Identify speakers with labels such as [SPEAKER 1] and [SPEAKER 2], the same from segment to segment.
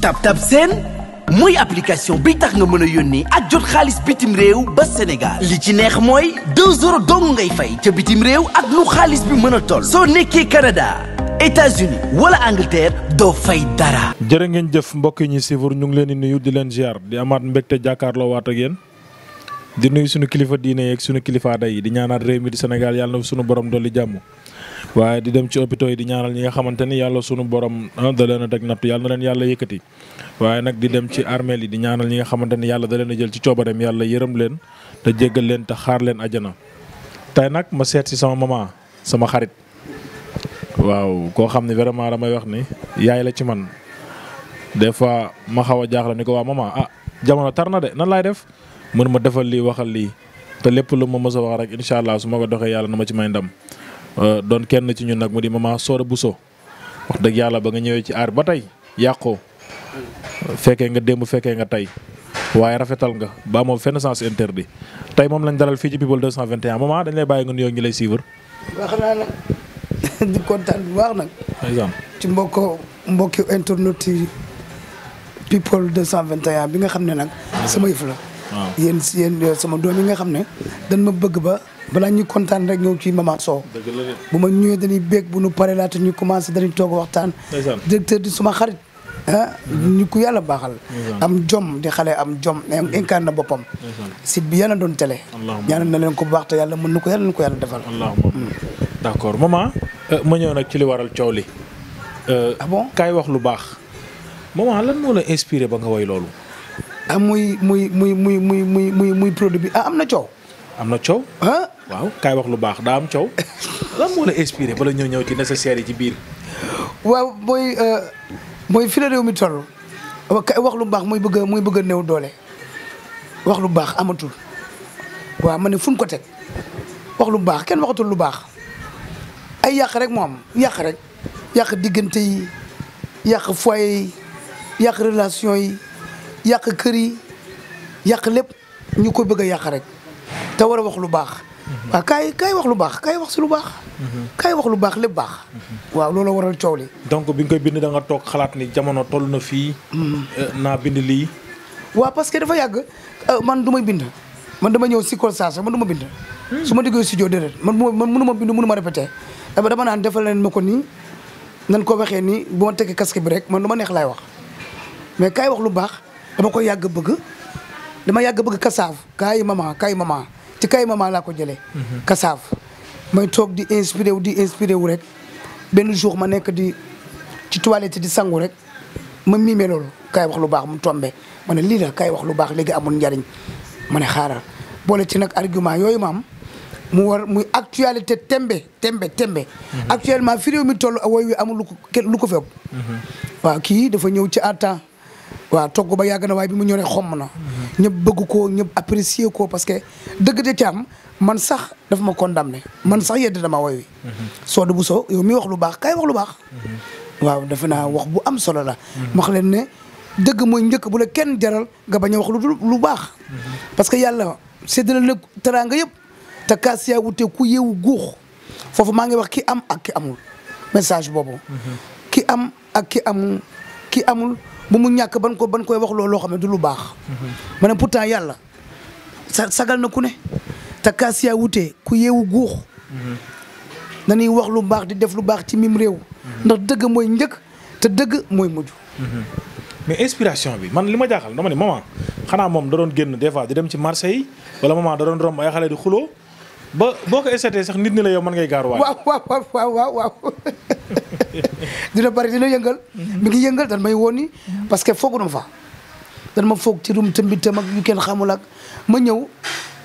[SPEAKER 1] tab Tap Seen mooy application bi tax nga mën a yónnee ak jot xaalis bitim réew ba Sénégal li ci neex mooy 2 euros ngay fay ca bitim réew ak lu xaalis bi mën a toll soo nekkee Canada. États-Unis wala Angleterre doo fay dara. jërë ngeen
[SPEAKER 2] jëf mbokk yi ñu suivre ñu ngi leen di nuyu di leen ziar di amaat te jàkkaarloo waat ak yéen di nuyu sunu kilifa diine yeeg suñu kilifa aada yi di ñaanaat réew mi di Sénégal yàlla na suñu borom dolli jàmm waaye di dem ci hôpitaux yi di ñaanal ñi nga xamante ni yàlla sunu borom ah, da leen a teg natt yàlla na leen yàlla yëkkati waaye nag di dem ci armeel yi di ñaanal ñi nga xamante ni yàlla daleen leen a jël ci coobareem yàlla yërëm leen te jéggal leen te xaar leen ajana tey nag ma seet si sama maman sama xarit waaw koo xam ne vraiment damay wax ni yaay la ci man des fois ma xaw a jaaxle ni ko waa maman ah jamono tar na de nan laay def mën ma defal lii waxal lii te lépp lu ma mës a wax rek incha allah su ma ko doxee yàlla na ma ci may ndam. Euh, doon kenn ci ñun nag mu di maman bu so wax dëgg yàlla ba nga ñëwee ci aar ba tey yàqoo fekkee nga démb fekkee nga tey waaye rafetal nga ba moom fenn sens interdit tey moom lañ dalal fii ci People 221 maman dañ lay bàyyi nga nuyoo ngi lay suivre.
[SPEAKER 1] waa naa nag di kontaan bu baax nag. ci mbokk mbokki internet yi People bi nga xam ne nag. sama yëf la. waaw yéen yéen sama doom yi nga xam ne dañ ma bëgg ba. balaa ñu kontaan rek ñëw ci maman Sow bu ma ñëwee dañuy béeg bu ñu paree laata ñu commencé dañuy toog waxtaan directeur di suma xarit ah ñu mm-hmm. ko yàlla baaxal am jom di xale am jom am mm-hmm. incarne na boppam site bi yàlla doon télé ñaanal na leen ko bu baax te yàlla mën na ko yàlla na ko yàlla defal d' accord maman
[SPEAKER 2] ma ñëw nag ci li waral coow li euh, ah bon kaay wax lu baax maman lan moo la inspiré ba nga woy loolu am ah, muy muy muy muy muy muy muy muy produit bi ah am na coow am na coow. ah waaw kaay wax lu baax daa am coow lan moo la inspiré bala ñëw ñëw ci nécessaire yi ci biir.
[SPEAKER 1] waaw mooy euh, mooy fi la réew mi toll wax lu baax muy bëgg muy bëgg a doole wax lu baax amatul waaw ma ne fu ko teg wax lu baax kenn waxatul lu baax ay yàq rek moo am yàq rek yàq diggante yi yàq foyer yi yàq relation yi yàq kër yi yàq lépp ñu ko bëgg yàq rek. te war a wax lu baax. waaw kaay kaay wax lu baax kay wax si lu baax. kaay wax lu baax lépp baax. waaw loolu waral coow li. donc bi nga koy bind da toog xalaat ni jamono tollu na fii. Mm. Euh, naa bind lii. waa parce que dafa yàgg euh, man du may bind man dama ñëw si constat man du ma bind. Hmm. su ma déggee studio déedéet man man mënu ma bind mënu ma répété dama eh dama naan defal leen ma ko nii nan ko waxee nii bu ma casque bi rek man lu ma neex laay wax mais kaay wax lu baax dama ko yàgg a bëgg dama yàgg bëgg kasaaf kaay mama kaay mama. ci kay maman laa ko jëlee. Mhm. kasaaf may toog di inspiré wu di inspiré wu rek benn jour ma nekk di ci toilette di sangu rek ma miime loolu kay wax lu baax mu tombé ma ne lii la kay wax lu baax léegi amul njariñ ma ne xaaral boole ci nag argument yooyu ma mu war muy actualité tembe tembe tembe mhm. actuellement fi réew mi toll woy wi amul lu ko lu ko fépp
[SPEAKER 3] mhm.
[SPEAKER 1] kii dafa ñëw ci à waaw togg ba yàgg na waaye bi mu ñoree xomm na ñëpp bëgg ko ñëpp apprécier ko parce que dëgg de caam man sax daf ma condamné man sax yedd dama woy wi bu Bousso yow mi wax lu baax kaay wax lu baax waaw defe naa wax bu am solo la wax leen ne dëgg mooy njëkk bu la kenn jaral nga bañ a wax lu lu baax parce que yàlla séddale la teraanga yëpp te kaas yaa wute ku yeewu guux foofu maa ngi wax ki am ak ki amul message boobu ki am ak ki amul bu mu ñàkk ban ko ban koy wax loolu loo xam ne du lu baax. Mhm. ma ne pourtant yàlla sa sagal na ku ne te kaas wutee ku yeewu guux. Mhm. nañuy wax lu baax di def lu baax ci mim réew. Mhm. ndax dëgg mooy njëkk te dëgg mooy mujj.
[SPEAKER 2] mais inspiration bi man li ma jaaxal dama ne maman xanaa moom da doon génn des fois di dem ci marché yi wala maman da doon romb ay xale di xuloo ba boo ko essayé sax nit ñi la yow mën ngay gaaruwaale.
[SPEAKER 1] waaw waaw waaw waaw waaw dina bari dina yëngal. mu mhm. ngi yëngal dan may won ni. parce que foogu na fa. dan ma foog ci rum tëmbi tëm kenn xamul ak ma ñëw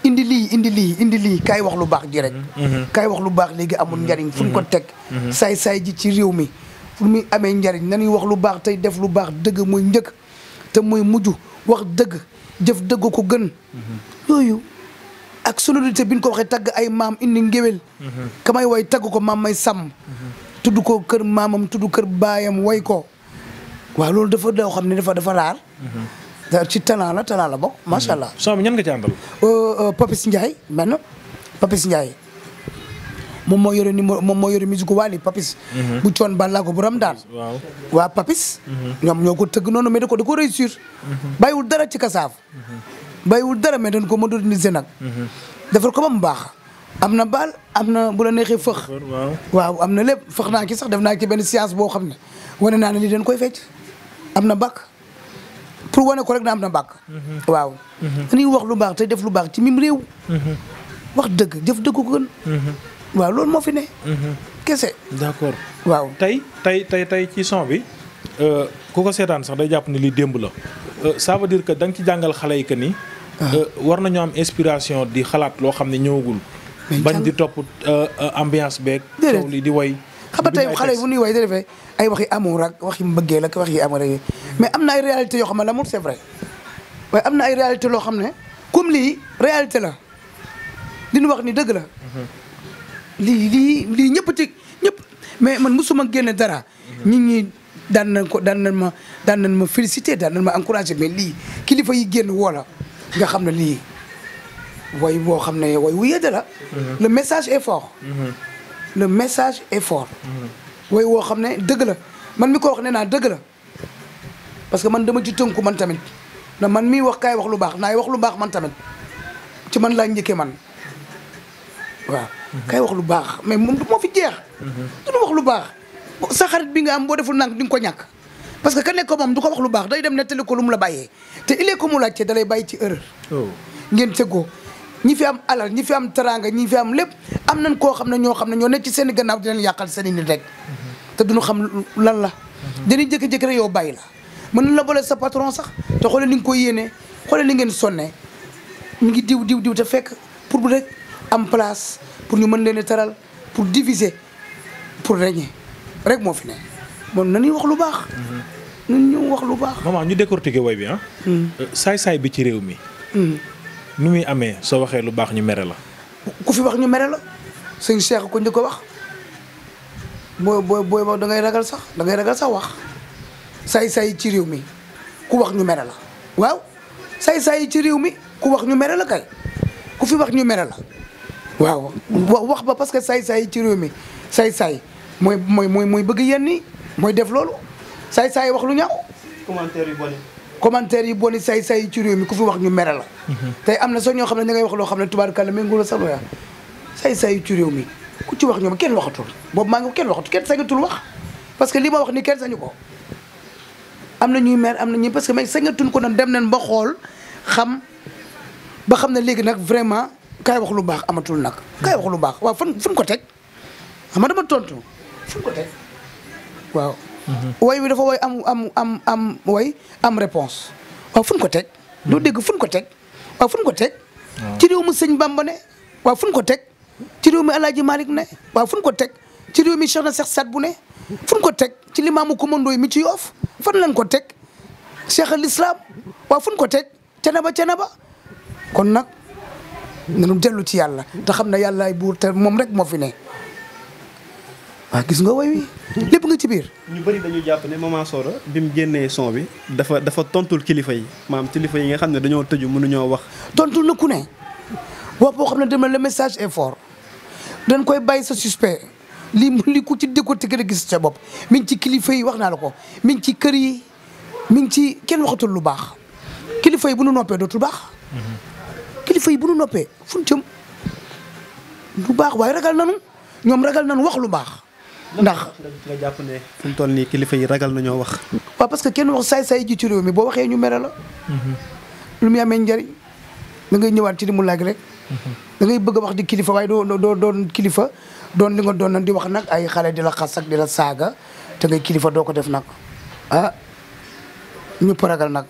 [SPEAKER 1] indi lii indi lii indi lii kaay wax lu baax ji mhm. kaay wax lu baax léegi amul mhm. njariñ fu ko teg. saay saay ji ci réew mi fu muy amee njariñ nañuy wax lu baax tey def lu baax dëgg mooy njëkk te mooy mujj wax dëgg jëf dëgg ko gën yooyu. ak sunu solidité bi ñu ko waxee tagg ay maam indi ngéwél kamay way tagg ko maam may sàmm tudd ko kër maamam tudd kër baayam way ko waaw loolu dafa doo xam ne dafa dafa raar ci talent la talent la bokk macha hmm. allah. soo ñan nga ci àndal. Euh, euh, Papis Ndiaye benn Papis Ndiaye moom moo yore numéro moom moo yore musique Wally Papis. Hmm. bu coon ballaa ko bu ram waa Papis. Hmm. ñoom ñoo ko tëgg noonu mais da ko da ko réussir. bàyyiwul dara ci kasaaf. bàyyiwul dara mais dañ ko moderniser nag. defar ko ba mu baax. am na baal am na bu la neexee fëx. waaw am na lépp fëx naa ki sax def naa ci benn science boo xam ne wane naa ne lii den koy fecc am na bàkk pour wane ko rek na am na bàkk.
[SPEAKER 3] Mhm. waaw. Mhm.
[SPEAKER 1] dañuy wax lu baax te def lu baax ci mim réew. Mhm. wax dëgg jëf dëgg ko gën. waaw loolu moo fi ne. kese.
[SPEAKER 2] d'accord waaw tey tey tey tey ci son bi. Euh, ku ko seetaan sax day jàpp ni lii démb la. Euh, ça veut dire que da nga ci jàngal xale yi que nii Euh, war nañu am inspiration di xalaat loo xam ne ñëwagul. bañ di topp euh, euh, ambiance beeg. déedéet li di way.
[SPEAKER 1] xam nga tey xale bu ñuy way da defee ay waxi amour ak waxi mbëggeel ak waxi amour yi mais am na ay réalité yoo xam ne l'amour c'est vrai waaye am na ay réalité loo xam ne comme lii réalité la li ñu wax ni dëgg la. Mhm. lii lii lii ñëpp ci ñëpp mais man mosuma génne dara. Mhm. nit ñi daan nañ ko daan nañ ma daan nañ ma félicité daan nañ ma encouragé mais lii kilifa yi génn woo la nga xam ne lii way woo xam ne way wu yedda la
[SPEAKER 3] mhm. le
[SPEAKER 1] message est fort mhm. message est fort mhm. way woo xam ne dëgg la man mi ko wax ne naa dëgg la parce que man dama ci tënku man tamit na man mii wax kaay wax lu baax naay wax lu baax man tamit ci man laa njëkkee man waaw kaay wax lu baax mais moom du moo fi jeex dunu wax lu baax sa xarit bi nga am boo deful nank di nga ko ñàkk parce que ka nekk ko moom du ko wax lu baax day dem nettali ko lu mu la bàyyee te il est ko mu laajte da lay bàyyi ci erreur. Oh. ngeen sëggoo ñi fi am alal ñi fi am teraanga ñi fi am lépp am nañ koo xam ne ñoo xam ne ñoo nekk ci seen gannaaw di leen yàqal seen i nit rek mm-hmm. te duñu xam lan la. Mm-hmm. dañuy jékki-jékki rek yow bàyyi la mën na la boole sa patron sax te xoolal ni nga koy yéene xoolal ni ngeen sonne ñu ngi diw diw diw te fekk pour bu rek am place pour ñu mën leen a taral pour diviser pour régner rek moo fi ne. bon nañuy wax lu baax. nañ ñu wax lu baax.
[SPEAKER 2] maman ñu décortiquer woy bi ah. Hmm. Euh, saay-saay bi ci réew mi. Hmm. nu muy amee soo waxee lu baax ñu mere
[SPEAKER 1] la. ku fi wax ñu mere la sëñ Cheikh ko njëkk ko wax booy booy booy da ngay ragal sax da ragal sax wax saay-saay ci réew mi ku wax ñu mere la waaw saay-saay ci réew mi ku wax ñu mere la kay ku fi wax ñu mere la. waaw wax ba parce que saay-saay ci réew mi saay-saay mooy mooy mooy bëgg yenni mooy def loolu say say wax lu ñaaw. commentaire yu bon yi. commentaire yu bon yi say say ci réew mi ku fi wax ñu mere la. Mhm. tey am na sax ñoo xam ne da ngay wax loo xam ne tubaarkàlla méngóo la sax looyaa say say ci réew mi ku ci wax ñoom kenn waxatul boobu maa ngi kenn waxatul kenn sañatul wax parce que li ma wax ni kenn sañu ko. am na ñuy mer am na ñuy parce que may sañatuñ ko nag dem nañ ba xool xam ba xam ne léegi nag vraiment kaay wax lu baax amatul nag. kaay wax lu baax waaw fan fu ko teg xam ah, na dama tontu fu ko teg. waaw. Mhm. woy wi dafa woy am am am am woy am réponse waaw fu ñu ko teg. doo mhm. dégg fu ñu ko teg waaw ko teg. ci réew mi sëñ Bamba ne waaw fu ñu ko teg ci réew mi El Hadj Malick ne waaw fu ñu ko teg ci réew mi Cheikh na Cheikh Saad bu ne fu ñu ko teg ci limaamu commando yi mi ci yoof fan lañ ko teg Cheikh al Islam waaw fu ñu ko ba canaba canaba kon nag nanu dellu ci yàlla te xam ne yàllaay buur te moom rek moo fi ne. waa gis nga woy wi lépp nga ci biir.
[SPEAKER 4] ñu bëri dañu jàpp ne maman Sora bi mu génnee son bi dafa dafa tontul kilifa yi maam kilifa yi nga xam ne dañoo tëju mënuñoo wax. tontul na ku ne
[SPEAKER 1] wax boo xam ne dem le message est fort dañ koy bàyyi sa suspect li li ku ci décortiquer a gis sa bopp mi ngi ci kilifa yi wax naa la ko mi ngi ci kër yi mi ngi ci kenn waxatul lu baax kilifa yi bu nu noppee dootul baax. kilifa yi bu nu noppee fu ñu jëm lu baax waaye ragal nanu ñoom ragal nanu wax lu baax. ndax
[SPEAKER 4] nga jàpp ne fu mu nii kilifa yi ragal nañoo wax.
[SPEAKER 1] waaw parce que kenn wax saay-saay ji ci réew mi boo waxee ñu mere la.
[SPEAKER 3] Mm-hmm.
[SPEAKER 1] lu muy amee njariñ da ngay ñëwaat ci li mu laaj rek. Mm-hmm. da ngay bëgg a wax di kilifa waaye doo doo doon kilifa doon li nga doon nag di wax nag ay xale di la xas ak di la saaga te ngay kilifa doo ko def nag ah ñëpp ragal nag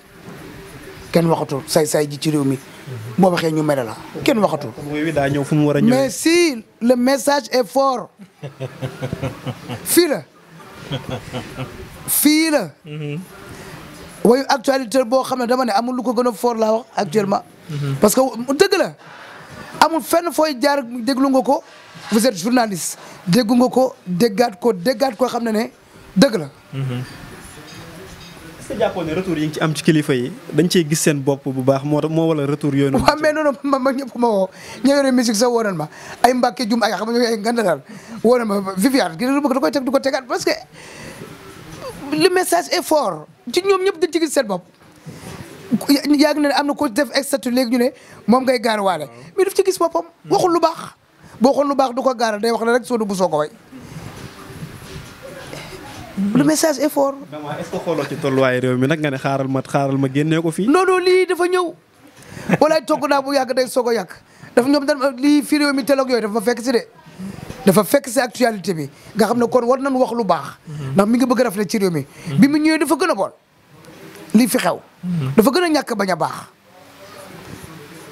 [SPEAKER 1] kenn waxatu saay-saay ji ci réew mi. boo waxee ñu mere la kenn waxatul.
[SPEAKER 4] daa ñëw fu mu war a ñëw mais
[SPEAKER 1] si le message est fort fii la fii la. wayu actualité boo xam ne dama ne amul lu ko gën a laa wax actuellement. Mhm. parce que dëgg la amul fenn fooy jaar déglu nga ko vous êtes journaliste déggu ko déggaat ko koo xam ne ne dëgg la. Mhm. sa jàppoon ne retour
[SPEAKER 4] yi nga ci am ci kilifa yi dañ cee gis seen bopp bu baax moo moo wala retour yooyu noonu
[SPEAKER 1] waaw mais ma ma ñëpp sax woo ma ay mbàkke jum ay xam nga ay nganda daal woo nañ ma Viviane gi bëgg da koy teg du ko que le message est ci ñoom ñëpp dañ ci gis seen bopp yàgg na ne am na ko def extatu léegi ñu ne moom ngay gaar waale ci gis boppam waxul lu baax boo xool lu baax du ko gaara day wax ne rek soo du bu soo ko way le hmm. message est fort.
[SPEAKER 4] vraiment est-ce ci tolluwaayu réew mi nag nga ne xaaral
[SPEAKER 1] ma xaaral ma génnee ko fii. non non lii dafa ñëw. walaay togg naa bu yàgg day soog a yàgg dafa ñoom dafa lii fii réew mi teloog yooyu dafa ma fekk si dafa fekk si actualité bi nga xam ne kon war nañ wax lu baax. Hmm. ndax mi ngi bëgg a ci réew hmm. bi mu ñëwee dafa gën a bon. lii fi xew. dafa gën a ñàkk bañ a baax.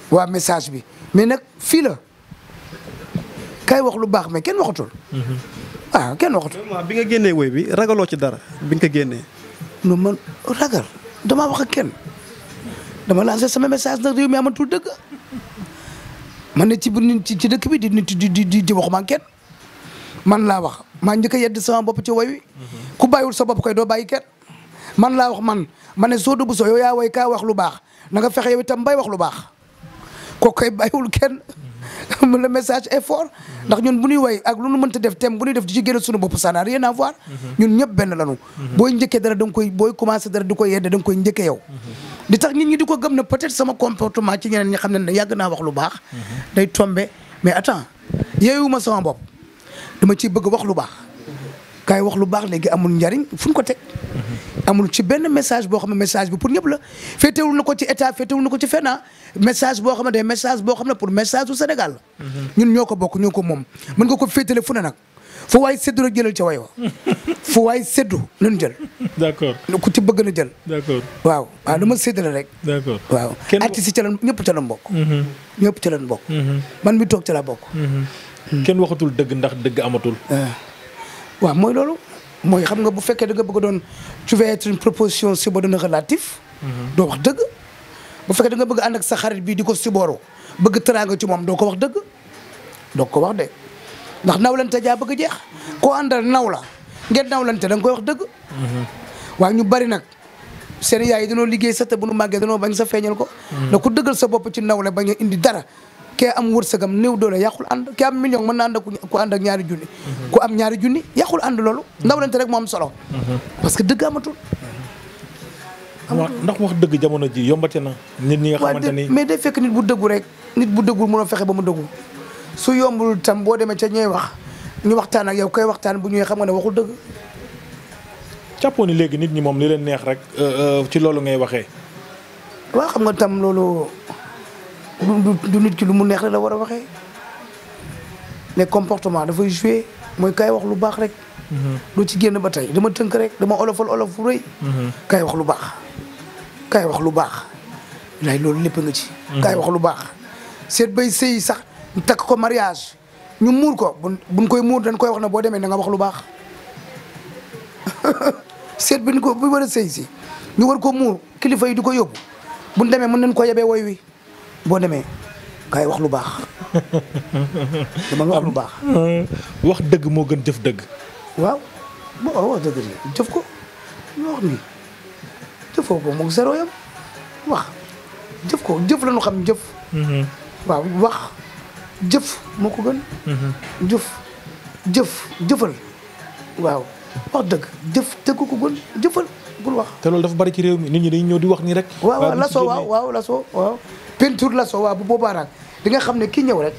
[SPEAKER 1] waa message bi mais nag fii la kay wax lu baax mais kenn waxatul. waaw
[SPEAKER 4] kenn waxatu. vraiment bi nga génnee woy bi ragaloo ci dara bi nga ko génnee.
[SPEAKER 1] non man ragal dama wax ak kenn dama lancé sama message nag réew mi amatul dëgg man ne ci ci dëkk bi di di di di waxuma kenn man laa wax maa njëkk a yedd sama bopp ci woy wi ku bàyyiwul sa bopp koy doo bàyyi kenn man laa wax man ma ne soo dugg soo yow yaa woy kaa wax lu baax na fexe yow itam bay wax lu baax kooku koy bàyyiwul kenn. le message est fort ndax ñun bu ñuy way ak lu nu mënta def thème bu ñuy def di ci génn suñu bopp ça n'a rien à voir ñun ñëpp benn lanu booy njëkkee dara da nga koy booy commencé dara di ko yedde da nga koy njëkkee di tax nit ñi di ko gëm ne peut-être sama comportement ci ñeneen ñi xam ne ne yàgg naa wax lu baax day tombé mais attends ma sama bopp dama ci bëgg wax lu baax kaay wax lu baax léegi amul njariñ fu ñu ko teg amul ci benn message boo xam ne message bi pour ñëpp la féetewul na ko ci état féetewul na ko ci fenn ah. message boo xam ne day message boo xam ne pour message su Sénégal la ñun ñoo ko bokk ñoo ko moom mën nga ko féetale fu ne nag fu waay séddu rek jëlal ca way wa fu waay séddu nañ jël d'accord ku ci bëgg na jël d'accord a waaw lu ma séddale rek d'accord waaw artiste yi ca lan ñëpp ca lan bokk mhm. ñëpp ca lan bokk mhm. man mi toog ca la bokk mhm. hmm. kenn waxatul dëgg ndax dëgg amatul ah. waaw mooy loolu mooy xam nga bu fekkee da nga bëgg doon tu veux être une proposition si ba relatif doo wax dëgg bu fekkee da nga bëgg ànd ak sa xarit bii di ko sibooru bëgg teraanga ci moom doo ko wax dëgg doo ko wax de ndax nawlante jaa bëgg jeex koo àndal naw la ngeen nawlante da nga koy wax dëgg waa ñu bari nag seen yaay yi dañoo liggéey sa te bu nu màggee danoo bañ sa feeñal ko da ku dëggal sa bopp ci nawle bañ a indi dara kee am wërsëgam néew doole yàqul ànd kee am million mën na ànd ku ànd ak ñaari junni ku am ñaari junni yàqul ànd loolu nawlante rek moo am solo mm-hmm. parce waa ndax wax dëgg jamono ji yombate na. nit ñi nga ni mais day fekk nit bu dëggu rek nit bu dëggul mënoo fexe ba mu dëggu su yombul tam boo demee ca ñooy wax ñu waxtaan ak yow kay waxtaan bu ñuy xam nga ne waxul dëgg.
[SPEAKER 2] jàppoo ni léegi nit ñi moom li leen neex rek euh, euh, ci loolu
[SPEAKER 1] ngay waxee. waa xam nga tam loolu du nit ki lu mu neex rek la war a waxee les comportements dafay jouer mooy kay wax lu baax rek. Mhm. doo ci génn ba tey dama tënk rek dama olofal olof mhm. kay wax lu baax. kaay wax lu baax lay loolu lépp nga ci. Mm-hmm. kaay wax lu baax. seet bay sëy sax ñu ko mariage ñu muur ko buñ koy muur dañ koy wax ne boo demee na nga wax lu baax seet bi ñu ko bu war a sëy si ñu war ko muur kilifa yi du ko yóbbu buñ demee mën nañ ko yebee woy wi boo demee kaay wax lu baax
[SPEAKER 2] dama wax
[SPEAKER 1] lu baax. Uh,
[SPEAKER 2] wax dëgg moo gën jëf dëgg.
[SPEAKER 1] waaw wax dëgg jëf ko wax nii. jëfoo ko moom zéro yam wax jëf ko jëf la ñu xam jëf. Mm-hmm. waaw wax jëf moo ko gën.
[SPEAKER 3] Mm-hmm.
[SPEAKER 1] jëf jëf jëfal waaw wax dëgg jëf dëgg ko gën jëfal bul wax. te loolu dafa bari ci réew mi nit ñi dañuy ñëw di wax nii rek. waaw waaw laso waaw waaw laso waaw. peinture laso waaw bu boobaa nag di nga xam ne kii ñëw rek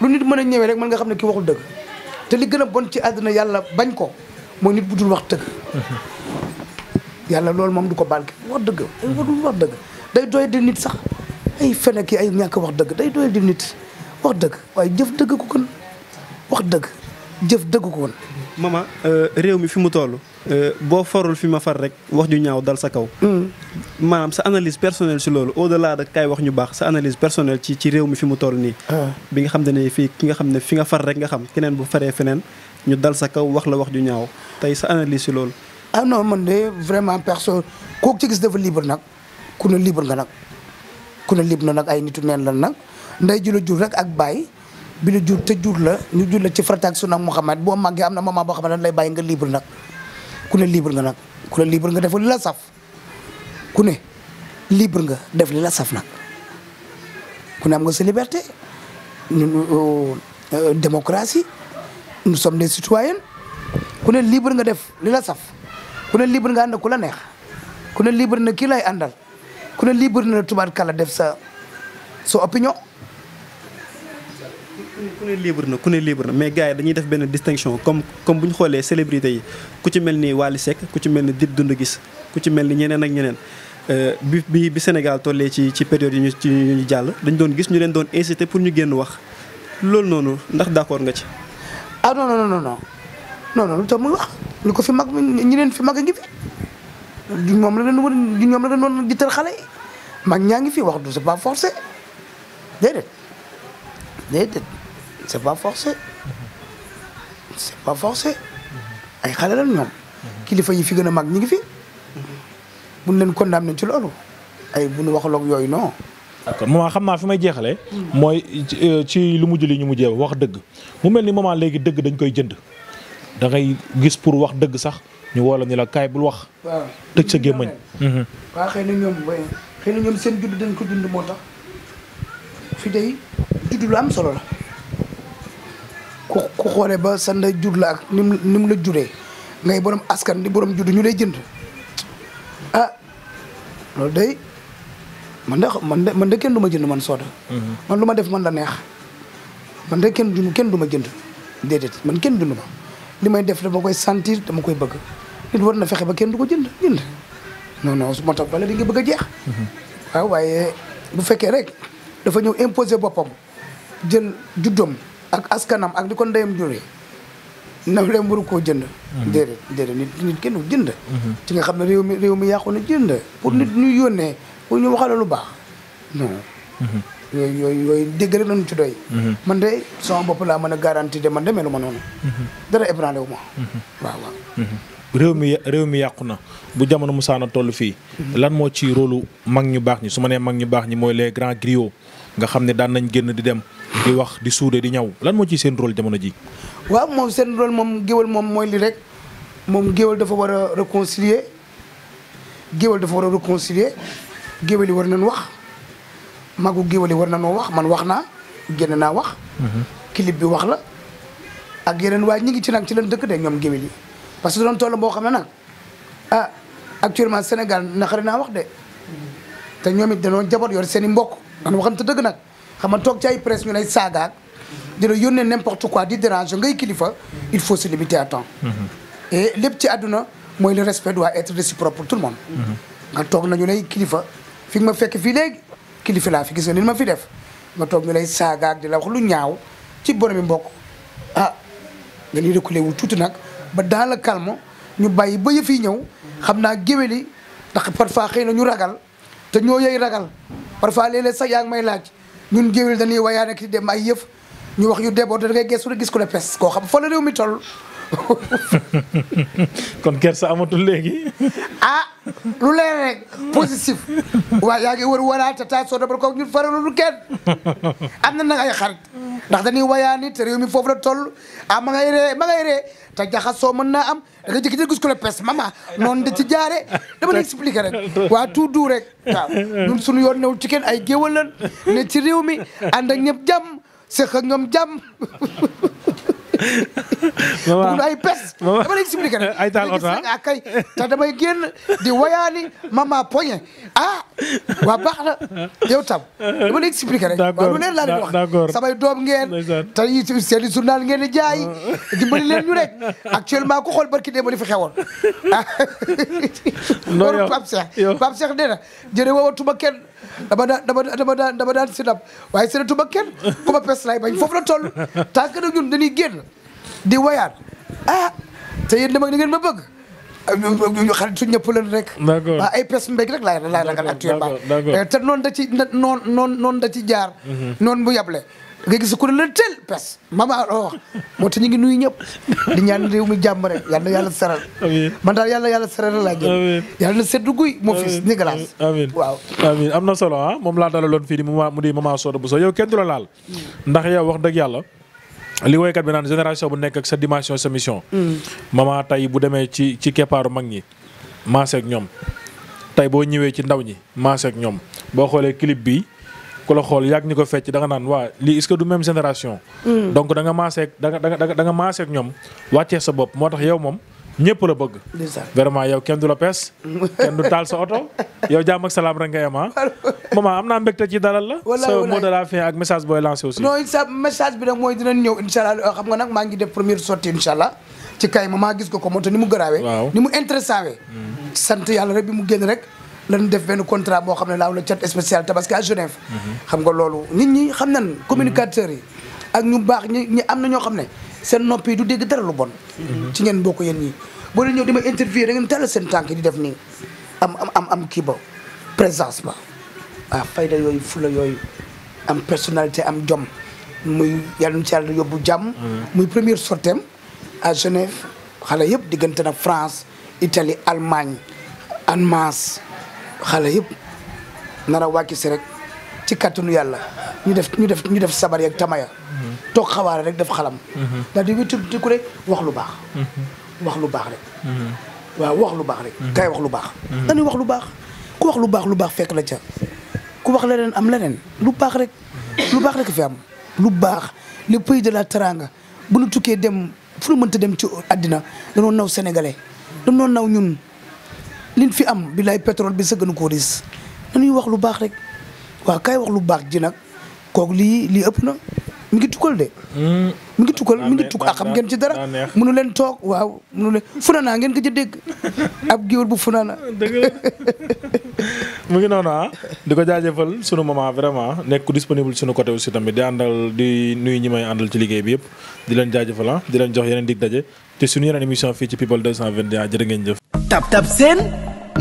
[SPEAKER 1] lu nit mën a ñëwee rek mën nga xam ne ki waxul dëgg te li gën a bon ci àdduna yàlla bañ ko mooy nit bu dul wax dëgg. Mm-hmm. yàlla loolu moom du ko baal wax dëgg warul wax dëgg day doy di nit sax ay fen ak ay ñàkk wax dëgg day doy di nit wax dëgg waaye jëf dëgg ko kon wax dëgg jëf dëgg ko woon. mama
[SPEAKER 4] euh, réew mi fi mu toll euh, boo farul fi ma far rek wax ju ñaaw dal sa kaw. Hmm. maanaam sa analyse personnelle si loolu au delà de kay wax ñu baax sa analise personnelle ci ci réew mi fi mu toll nii. Ah. bi nga xam ne fii ki nga xam ne fi nga far rek nga xam keneen bu faree feneen ñu dal sa kaw wax la wax
[SPEAKER 1] ju ñaaw tey sa analyse si loolu. ah non man de vraiment personne kooku ci gis def libre nag ku libre nga nag ku ne libre na nag ay nitu neen la nag nday ji la jur rek ak bàyyi bi la jur te jur la ñu jur la ci farata ak sunna Muhammad boo màggee am na moment boo xam ne lay bàyyi nga libre nag ku ne libre nga nag ku libre nga def li la saf ku ne libre nga def li la saf nag ku am nga sa liberté ñun euh, euh, démocratie nous sommes des citoyens libre nga def li la saf ku ne libre nga ànd ku la neex ku ne libre na kii lay àndal ku ne libre na tubaab kala def sa sa opinion.
[SPEAKER 4] ku ne libre na ku ne libre na mais gars yi dañuy def benn distinction comme comme bu ñu xoolee célébrité yi ku ci mel ni Wally Seck ku ci mel ni Dip Doundou gis ku ci mel ni ñeneen ak ñeneen. Euh, bi bi bi Sénégal tollee ci ci période yi ñu ci ñu jàll dañu doon gis ñu leen doon incité pour ñu génn wax loolu noonu ndax d'accord nga ci.
[SPEAKER 1] ah non non non non non non lu tax lu ko fi mag ñi leen fi mag a ngi fi du ñoom la doon du ñoom la doon doon xale yi mag ñaa ngi fi wax du c'est pas forcé déedéet déedéet ay xale la ñoom kilifa yi fi gën a mag ñi ngi fi buñ leen condamné ci loolu ay bu ñu waxaloog yooyu noo
[SPEAKER 2] d'accord maman xam naa fi may jeexalee mooy ci euh, lu mujj li ñu mujjee wax dëgg mu mel ni moom maman léegi dëgg dañ koy jënd da ngay gis pour wax dëgg sax ñu woo la ni la kaay bul wax.
[SPEAKER 3] waaw tëj sa gémmañ. Mhm. waaw xëy
[SPEAKER 1] na ñoom xëy na ñoom seen judd dañ ko dund moo tax fi day judd lu am solo la ku ku ba sa ndey jur la ak ni mu la juree ngay borom askan di borom judd ñu lay jënd ah loolu day man de man de man de kenn du ma jënd man Soda. Mhm. man lu ma def man la neex man de kenn du kenn du ma jënd déedéet man kenn jund ma. li may def dama koy santir dama koy bëgg nit war na fexe ba kenn du ko jënd jënd non non su ma tax bala di nga bëgg a jeex. Mhm. waaye bu fekkee rek dafa ñëw imposer boppam jël juddoom ak askanam ak li ko ndeyam juree na leen waru koo jënd. Mhm. déedéet déedéet nit nit kenn du jënd. Mhm. ci nga xam ne réew mi réew mi yàqu na jënd. pour nit ñu yónnee pour ñu waxale lu baax yooyu yooyu yooyu dégg rek lañu ci doy. Mhm. man de sama bopp laa mën a garanti de man de melu ma noonu. Mhm. dara ébranlé wu ma.
[SPEAKER 3] Mhm.
[SPEAKER 2] waaw waaw. réew mi réew mi yàqu na bu jamono musaana toll fii. lan moo ci rôlu mag ñu baax ñi su ma nee mag ñu baax ñi mooy les grands griots nga xam ne daan nañ génn di dem di wax di suude di ñaw lan moo ci seen rôle jamono ji.
[SPEAKER 1] waaw moom seen rôle moom géwél moom mooy li rek moom géwél dafa war a réconcilier géwal dafa war a réconcilier géwal yi war nañ wax. magu géwél war na noo wax man wax naa génn naa wax. Mhm. clip bi wax la ak yeneen waaye ñu ngi ci nag ci leen dëkk de ñoom géwél yi parce que doon toll boo xam ne nag ah actuellement Sénégal naqari naa wax de te ñoom it dañoo jaboot yor seen i mbokk man waxante dëgg nag xam nga toog ci ay presse ñu lay saagaak di la yónnee n'importe quoi di déranger ngay kilifa il faut se limiter à temps. Mhm. et lépp ci àdduna mooy le respect doit être réciproque pour kilifa laa fi gis nga ni ma fi def ma toog ñu lay saagaag di la wax lu ñaaw ci boromi mbokk ah nga ni reculé wul tuuti nag ba dans le calme ñu bàyyi ba yëf yi ñëw xam naa géwéli ndax parfois xëy na ñu ragal te ñoo yey ragal parfois léeg-léeg sax yaa ngi may laaj ñun géwéli dañuy wayaa nekk di dem ay yëf ñu wax ñu déborde da ngay gëstu rek gis ko la pes koo xam fa la réew mi toll
[SPEAKER 2] kon kersa amatul léegi
[SPEAKER 1] ah, lu leer rek positif waaw yaa ngi wër waraal te taasoo dabar ko ñun faralu lu kenn am na nag ay xarit ndax dañuy wayaani te réew mi foofu la toll a ah, ma ngay ree ma ngay ree te jaxasoo mën naa am da nga jëkki gis ko la pes mama noonu da ci jaare dama la expliqué rek waa tout doux rek waaw ñun yoon ne ci kenn ay géwal lan ne ci réew mi ànd ak ñëpp jàmm seq ak ñoom jàmm bugg ay pes dama
[SPEAKER 2] lay expliqué ne ay taal oto ah
[SPEAKER 1] kay te damay génn di wayaani mama poñe ah waa baax na yow tam dama lay expliqué rek waaw lu leen laa leen wax samay doom ngeen te yi seen i journal ngeen di jaay oh. dimbali leen ñu rek actuellement ku xool barki démb li fi xewoon ah
[SPEAKER 3] loolu
[SPEAKER 1] Pape Cheikh Pape na jërë woowatuma kenn dama daan dama dama daan dama daan sinab waaye sinatu ma kenn ku ma pes laay bañ foofu la toll tànk da ñun dañuy génn di wayaat ah te yéen dama ni ngeen ma bëgg a ah, xarit su ñëpp leen rek waaw ah, ay pes mbéeg rek laay laay ragal actuellement eh, te noonu da ci noon noon noonu da ci jaar mhm. noonu bu yable nga gis ku ne la tel pes mama loo wax moo tax ñu ngi nuyu ñëpp di ñaan réew mu jàmm rek yal na yàlla seral man daal yàlla yàlla seral yàlla na seddu guy moo fis ni glace
[SPEAKER 2] amin am na solo ah moom laa dalaloon fii di mama mu soo mama Soda Bousso yow kenn du la laal ndax yow wax dëgg yàlla li woykat bi naan génération bu nekk ak sa dimension sa mission mm. mama tey bu demee ci ci keppaaru mag ñi maase ak ñoom tey boo ñëwee ci ndaw ñi maase ak ñoom boo xoolee clip bii ku la xool yàgg ñu ko fecc da nga naan waa lii est-ce que du même génération. Mm. donc da nga maaseeg da da nga da nga maaseeg ñoom wàccee sa bopp moo tax yow moom ñëpp la bëgg. vraiment yow kenn du la pees. kenn du taal sa oto yow jàmm ak salaam rek nga yem ah. maman am na mbégte ci dalal la. sa mot de la fin ak message booy lancé aussi.
[SPEAKER 1] message bi nag mooy dinañ ñëw incha allah euh, xam nga nag maa ngi def première sortie incha allah ci kay ma maa gis ko ko moo tax ni mu garaawee. ni mu intéressant wee mm. sant yàlla rek bi mu rek. lan def benn contrat boo xam ne laaw la cat spécial tabaski à Genève. xam nga loolu nit ñi xam ne communicateurs yi ak ñu baax ñi ñi am na ñoo xam ne seen nopp yi du dégg dara lu bon. Mhm. ci ngeen bokk yéen ñii boo leen ñëw di ma interview da ngeen tàllal seen tànk di def nii am am am am kii ba présence ba waaw ah, fayda yooyu fula yooyu am personnalité am jom muy yàlla nu ci yàlla yóbbu jàmm. Mhm. muy première sortem à Genève xale yëpp diggante nag France Italie Allemagne xale yëpp nar a wàcc si rek ci kàttanu yàlla ñu def ñu def ñu def sabar yeeg tamaya. toog xawaare rek def xalam. daal di witti di ku wax lu baax. wax lu baax rek. waaw wax lu baax rek. kay wax lu baax. dañuy wax lu baax ku wax lu baax lu baax fekk la ca ku wax leneen am leneen lu baax rek lu baax rek fi lu baax la teranga bu nu tukkee dem fu nu mënta dem ci àddina dañoo naw sénégalais dañoo naw ñun. liñ fi am billaay pétrole bi sa gën koo riis nañuy wax lu baax rek waaw kaay wax lu baax ji nag kooku lii lii ëpp na mi ngi tukkal de. mu hmm. ngi tukkal mi ngi tukk ah xam ngeen ci dara. nu leen toog waaw munu leen funana ngeen ko ci dégg ab géwél bu funana. dëgg la
[SPEAKER 2] mu ngi noonu a ah. di ko jaajëfal sunu maman vraiment nekk ku disponible sunu côté aussi tamit di àndal di nuyu ñi may ci liggéey bi yëpp di leen jaajëfal ah di leen jox yeneen dig daje te sunu yeneen émission fii ci people 221 jërë ngeen jëf. tap tap seen.